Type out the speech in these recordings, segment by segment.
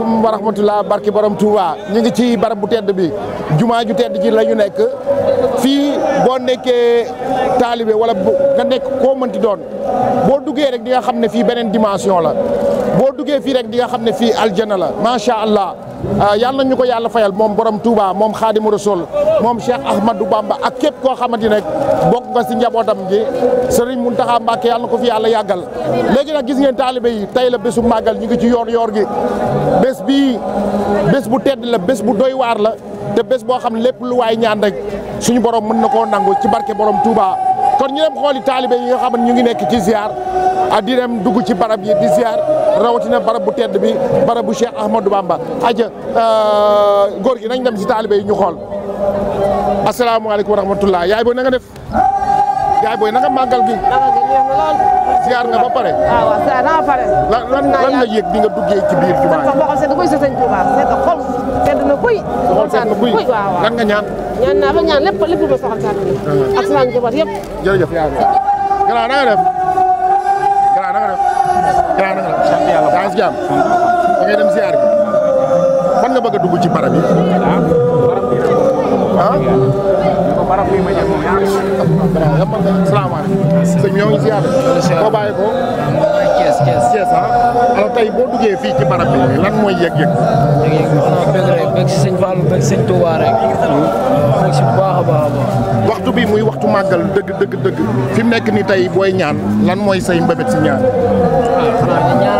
wa rahmatullah barki borom Touba ñu ngi ci barab bu tedd bi jumaa ju tedd ci la ñu nekk fii boo nekkee taalibe wala nga nekk koo mënti doon boo duggee rek di nga xam ne fii beneen dimension la boo duggee fii rek di nga xam ne fii aljana la macha allah. Ah, yàlla nañ ñu ko yàlla fayal moom borom Touba moom Xaadimu Rasuul moom Cheikh Ahmadou Bamba ak képp koo xamante ne bokk nga si njabootam gi mun Mountakha Mbacké yàlla ko fi yàlla yàggal léegi nag gis ngeen taalibe yi tey la bésu màggal ñu ngi ci yoor yoor gi bés bii bés bu tedd la bés bu doy waar la te bés boo xam lépp lu waay ñaan rek suñu borom mën na koo nangu ci barke borom Touba kon ñu dem xooli taalibe yi nga xam ne ñu nekk ci ziar a ah, di dem dugg ci barab yi di ziar rawatina barab bu tedd bi barab bu Cheikh Ahmadou Bamba aja euh, góor gi nañ dem si taalibe yi ñu xool asalaamaaleykum wa rahmatullah yaay booy na def yaay booy na nga màggal gi ziar nga ba pare. waaw ah, waaw ziar naa nga yëg bi nga duggee ci biir jumaa yi. sedd na kuy. soxal sedd na kuy waaw waaw lan nga ñaan. ñaan naa ba ñaan lépp lépp lu ma soxal saa fi. ak sama njaboot yëpp. jërëjëf yaa ngi lay grand na nga def. grand na nga def. grand na nga def. sant yàlla daa ngi si jàmm. da ngay dem ziar bi. fan nga bëgg a dugg ci barab yi. ah. barab bii ah? ma jëm moom yaa ngi. salaamaaleykum. Ah, sëñ bi ñoo ngi ziar. boo bàyyi ko. Thiès Thiès ah. tey boo duggee fii ci barab lan mooy yëg sëñ a baax a baax. waxtu bi muy waxtu màggal dëgg dëgg fi mu nekk nii tey booy ñaan lan mooy say mbébét si ñaan. Ah,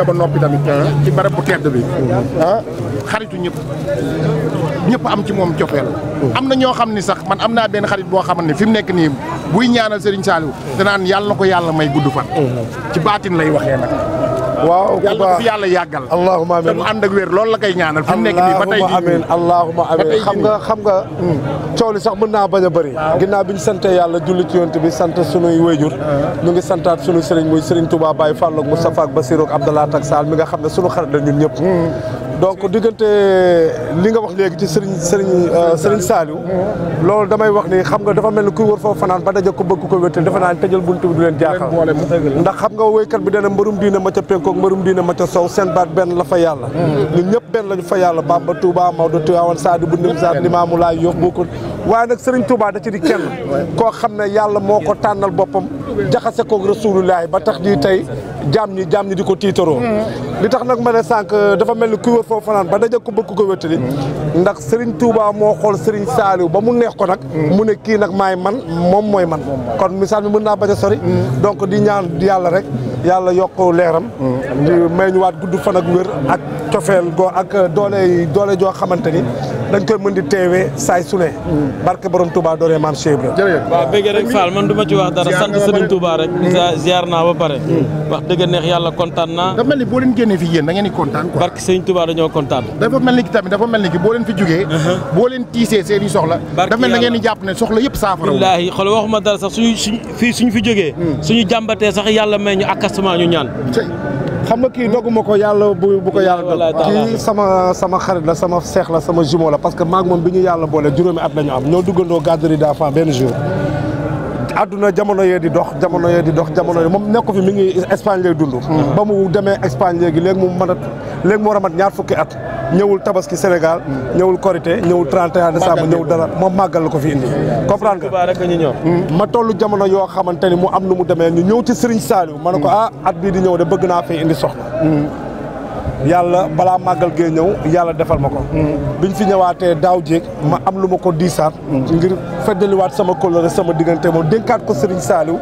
nga ba noppi tamit. Ah, ci barab bu tedd bi. ah xaritu ñëpp. ñëpp am ci moom cofeel am na ñoo xam ni sax man am naa benn xarit boo xamante ne fi mu nekk nii buy ñaanal Serigne Saliou. danaan yàlla na ko yàlla may gudd fan. Mm-hmm. ci baatin lay waxee na waaw yàlla ko fi yàlla yàggal allahuma amiin mu ànd ak wér loolu la koy ñaanal fi mu nekk nii ba tey amiin allahuma amiin xam nga xam hmm, nga coow li sax mun naa bañ a bëri ginnaaw bi ñu santee yàlla julli ci yonent bi sant sunuy wéyjur mu uh-huh. ngi santaat sunu sëriñ muy sëriñ Touba Baye Fallou ak Moustapha ak Basirou ak Abdallah tak Sall mi nga xam ne sunu xarit la ñun ñëpp hmm. donc diggante li nga wax léegi ci Serigne Serigne euh, Serigne Saliou loolu damay wax ni xam nga dafa mel ni ku wër foofu fanaan ba daje ko bëgg ko wéttal dafa naan tëjal buntu bi du leen jaaxal ndax xam nga woykat bi dana mbërum diina ma ca penkoog mbërum diina ma ca sow seen baat benn la fa yàlla mm. ñun ñëpp benn lañu fa yàlla ba Bamba Touba Maodo Tiwaawan Saadi bu ndim saat limaamu laay yox bokkul waaye nag Serigne Touba da ci di kenn koo xam ne yàlla moo ko tànnal boppam jaxase koog rasululaahi ba tax di tey jaam ñi jaam ñi di ko tiitaroo mm. li tax nag ma ne sànq euh, dafa mel ni kuy wër foofu fanaan ba daje ko bëgg ko li ndax Serigne tuuba moo xool Serigne Saliou ba mu neex ko nag mu ne kii nag maay man moom mooy man kon misaal mi mën naa bañ a sori mm. donc di ñaan di yàlla rek yàlla yokk leeram di ñu waat gudd fan ak wér ak cofeel euh, doole joo xamante ni koy mën di teewee saay su barke borom Touba doole mm. mm. neex yàlla kontaan naa dafa mel ni boo leen fi da ngeen di kontaan quoi barke Serigne Touba dañoo kontaan dafa mel ni ki tamit dafa mel ni ki boo leen fi jógee uh-huh. boo leen tiisee seen i soxla dafa mm. yàlla may ñu ak testament ñu ñaan. xam nga kii dogguma ko yàlla bu bu ko yàlla dog kii sama sama xarit la sama seex la sama jumeau la parce que maag moom bi ñu yàlla boole juróomi at la am ñoo duggandoo garderie d'enfants benn jour àdduna jamono yee di dox jamono yee di dox jamono yee moom nekku fi mu ngi Espagne lay dund mm-hmm. ba mu demee Espagne léegi léegi mu mën léegi moo war ñaar fukki at ñëwul tabaski Sénégal ñëwul Korité ñëwul 31 décembre ñëw dara moom màggal la ko fi indi comprendre nga hmm. ma toll jamono yoo xamante ni mu am nu mu demee ñu ñëw ci Serigne Saliou ma ne ko hmm. ah at bii di ñëw de bëgg naa fay indi sox hmm. yàlla balaa màggal gee ñëw yàlla defal ma ko. ñu fi ñëwaatee daaw jéeg ma am lu ma ko diisaat. ngir feddaliwaat sama kóllëre sama diggante moom dénkaat ko Serigne Saliou.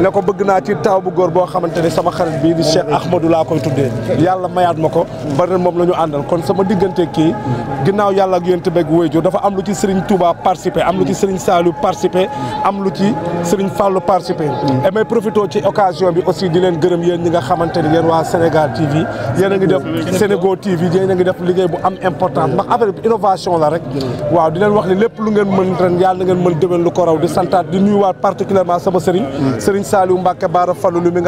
ne ko bëgg naa ci taaw bu góor boo xamante ne sama xarit bii di Cheikh Ahmadou laa koy tuddee. yàlla mayaat ma ko. bari ren moom la ñu àndal kon sama diggante kii. ginnaaw yàlla ak yéen beeg wéyjo dafa am lu ci Serigne Touba participé am lu ci Serigne Saliou participé am lu ci Serigne Fallou participé. et may ci occasion bi aussi di leen gërëm yéen ñi xamante ne yéen waa Sénégal TV yéen a ngi def Sénégo TV a ngi def liggéey bu am importance ndax affaire bi innovation la rek waaw di wax ne lépp lu ngeen mën ren yàlla na ngeen mën déwén lu ko raw di santaat di nuyuwaat particulièrement sama sëriñ sëriñ Saliou Mbacke Bara Fallou lu lu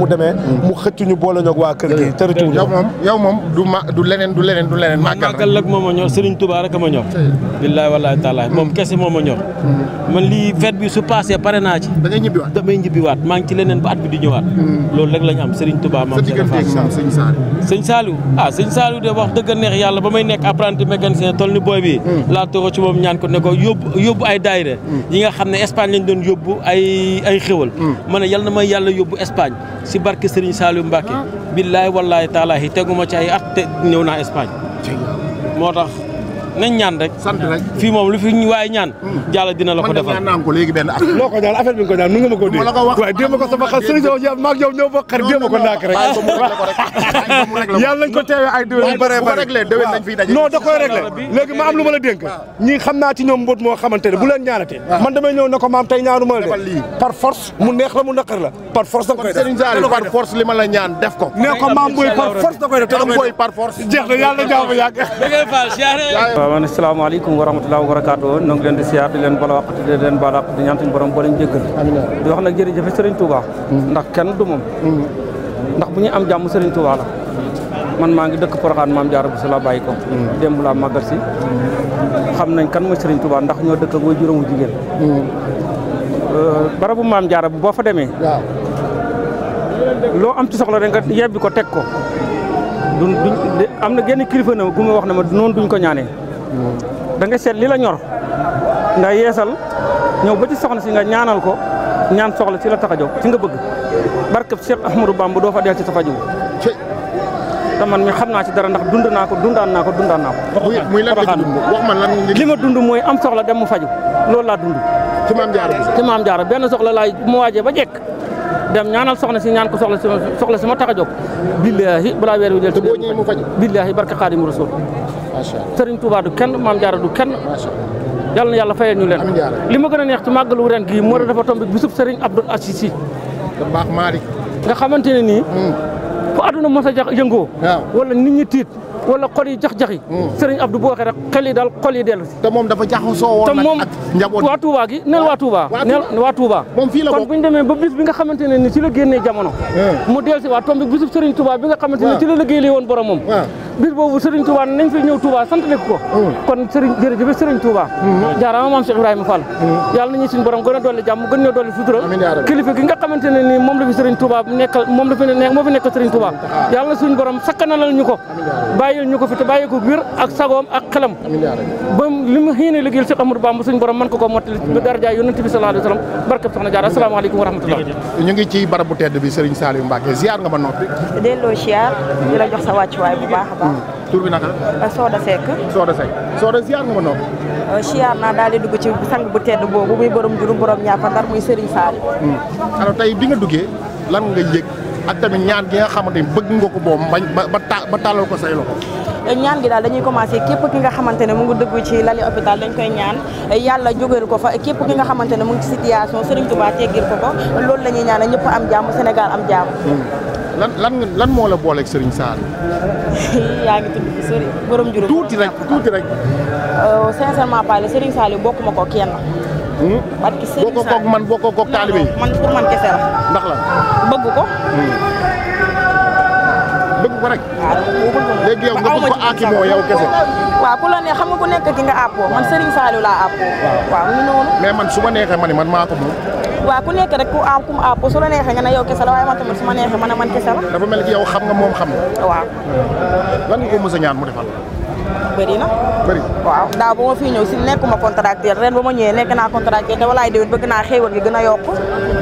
mu demee mu xëcc boole ñoog waa kër gi tërituw yow moom du ma du leneen du leneen du leneen moom a ñor sëriñ Touba rek a ma ñor billaahi wallaahi taala moom kese moom a ñor man lii fête bi su passé pare barkeb Serigne Touba maam sëñ Saliou ah sëñ Saliou de wax dëgg neex yàlla ba may nekk apprenti mécanicien toll ni booy bi hmm. laa toog ci moom ñaan ko ne ko yóbbu ay ay daayira hmm. yi nga xam ne Espagne lañ doon yóbbu ay ay xéwal hmm. ma ne yal na may yàlla yóbbu Espagne si barke Serigne Saliou Mbacke ah. billaay wallaay taalaay teguma ci ay at te ñëw naa Espagne moo tax nañ ñaan rek. sant rek fii moom lu fi waaye ñaan. Yàlla dina la defal man ñaan affaire bi nga ko ñaan nu nga ma waaye démb ko sama xar sëriñ yow maag yow ñoo bokk xar démb ko rek. yàlla nañ ko teewee ay déwén yu bëree bëri non koy réglé léegi ma am lu ma la dénk ñi xam naa ñoom mbóot moo xamante ne bu leen ñaanatee man damay ñëw na ko maam tey ñaanu ma la par force mu neex la mu naqar la par force li ma la ñaan def ko ne ko maam booy par waaw man asalaamaaleykum wa rahmatulah wa barakaatu ñu leen di siyaar di leen bala wàq di leen baal wàq di ñaan suñu borom boo leen jéggal di wax jër jërëjëf Serigne Touba hmm. ndax kenn du moom hmm. ndax bu ñu am jàmm Serigne Touba la man maa ngi dëkk Porokhane maam Jaara bu su bàyyi ko hmm. démb laa màggal si xam nañ kan mooy Serigne Touba ndax ñoo dëkk ak way jigéen euh, barabu maam Jaara bu boo fa demee loo am ci soxla rek nga yebbi ko teg ko du am na genn kilifa na gu ma wax ne ma noonu duñ ko ñaanee da nga seet li la ñor nga yeesal ñëw ba ci soxna si nga ñaanal ko ñaan soxla si la tax a jóg ci nga bëgg barkab Cheikh Ahmadou Bamba doo fa deel ci tax a jóg te xam naa ci dara dund naa ko dundaan naa ko dundaan naa muy lan la wax man lan li ma dund mooy am soxla dem mu faju loolu laa dund. ci maam jaara ci maam jaara benn soxla laay mu waajee ba jekk dem ñaanal soxna si ñaan ko soxla si soxla si ma tax a jóg. billaahi balaa weer wi del. te boo ñëwee mu faju billaahi barka Serigne Touba du kenn Maam Jaara du kenn yàlla na yàlla fayal ñu leen li ma gën a neex ci màggalu ren gii moo dafa tombé bisub Serigne Abdoul Aziz Sy baax Malick nga xamante ne nii hmm. fu àdduna mos a jax yëngoo wala nit ñi tiit wala xol yi jax-jax yi hmm. Serigne Abdou boo waxee rek daal xol yi dellu moom dafa jaxasoo woon nag ak njaboot waa Touba gi neel waa Touba neel waa Touba kon bu ñu ba bis bi nga xamante ne si ci la génnee jamono hmm. mu dellu si waa tombé bisub Serigne Touba bi nga xamante ne ci la woon borom moom bis boobu Serigne Touba nañ fi ñëw Touba sant nekk ko mm. kon Serigne jërëjëf Serigne Touba mm. jaaraama maam Cheikh Ibrahima mm. na ñu suñu borom gën a dolli jàmm gën ñoo dolli sutura kilifa gi nga xamante ne nii moom la fi Serigne Touba nekkal la fi ne moo fi nekkal na suñu borom sakkanalal ñu ko bàyyil ñu ko fi te bàyyi ko wér ak sagoom ak xelam ba li mu xiine liggéeyal Cheikh Amadou Bamba suñu borom mën ko ko mottali ba daraja yonent bi sallallahu alayhi wa sallam jaar asalaamaaleykum wa a tur bi naka la. Euh, Soda Seck. Soda Seck Soda ziar nga ma noonu. Euh, ziar naa daal di dugg ci sang bu tedd boobu muy borom juru borom ñaapa ndar muy Serigne Sall. Hmm. alors tey bi ñaan gi nga xamante ni bëgg nga ko boobu bañ ba ba tàllal ko say loxo. Euh, ñaan gi daal dañuy commencé képp ki nga xamante ne mu ngi dëgg ci lali hôpital dañ koy ñaan yàlla jógal ko fa képp ki nga xamante ne mu ngi ci situation Serigne Touba teggil ko ko loolu la ñuy ñaan ñëpp am jàmm Sénégal am jàmm. Hmm. lan lan lan moo la booleeg Serigne Sall. yaa ngi tudd fi sëriñ borom juróom tuuti rek tuuti rek euh, sincèrement parlé Serigne Saliou bokkuma ko kenn hmm? barki Serigne Saliou bokkoo koog ndax la bëgg ko hmm. bëgg ko rek ah, léegi yow nga bëgg ko aakimoo yow kese waaw ku la ne xam nga ku nekk ki nga àppoo man Serigne Saliou laa àppoo waaw ñu noonu mais man su ma neexee ma ne man maa ko moom waaw ku nekk rek ku am ku mu àpp su la neexee nga ne yow kese la waaye man tamit su ma neexee ma ne man kese la. dafa mel ni yow xam nga moom xam nga. waaw. Hmm. a ñaan mu defal. bëri na. bëri waaw daaw ba ma fii ñëw si nekkuma contracteur ren ma ñëwee nekk naa contracteur te walaay déwén bëgg naa xéewal gi a yokku.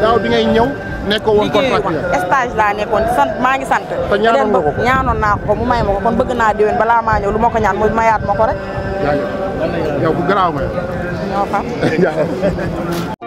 daaw bi ngay ñëw. nekkoo woon contracteur liggéeyuma laa nekkoon sant maa ngi sant. te ñaanoon nga ko ñaanoon naa ko mu may ma ko kon bëgg naa déwén balaa maa ñëw lu ma ko ñaan mooy mayaat ma ko rek. yaa yow bu garaaw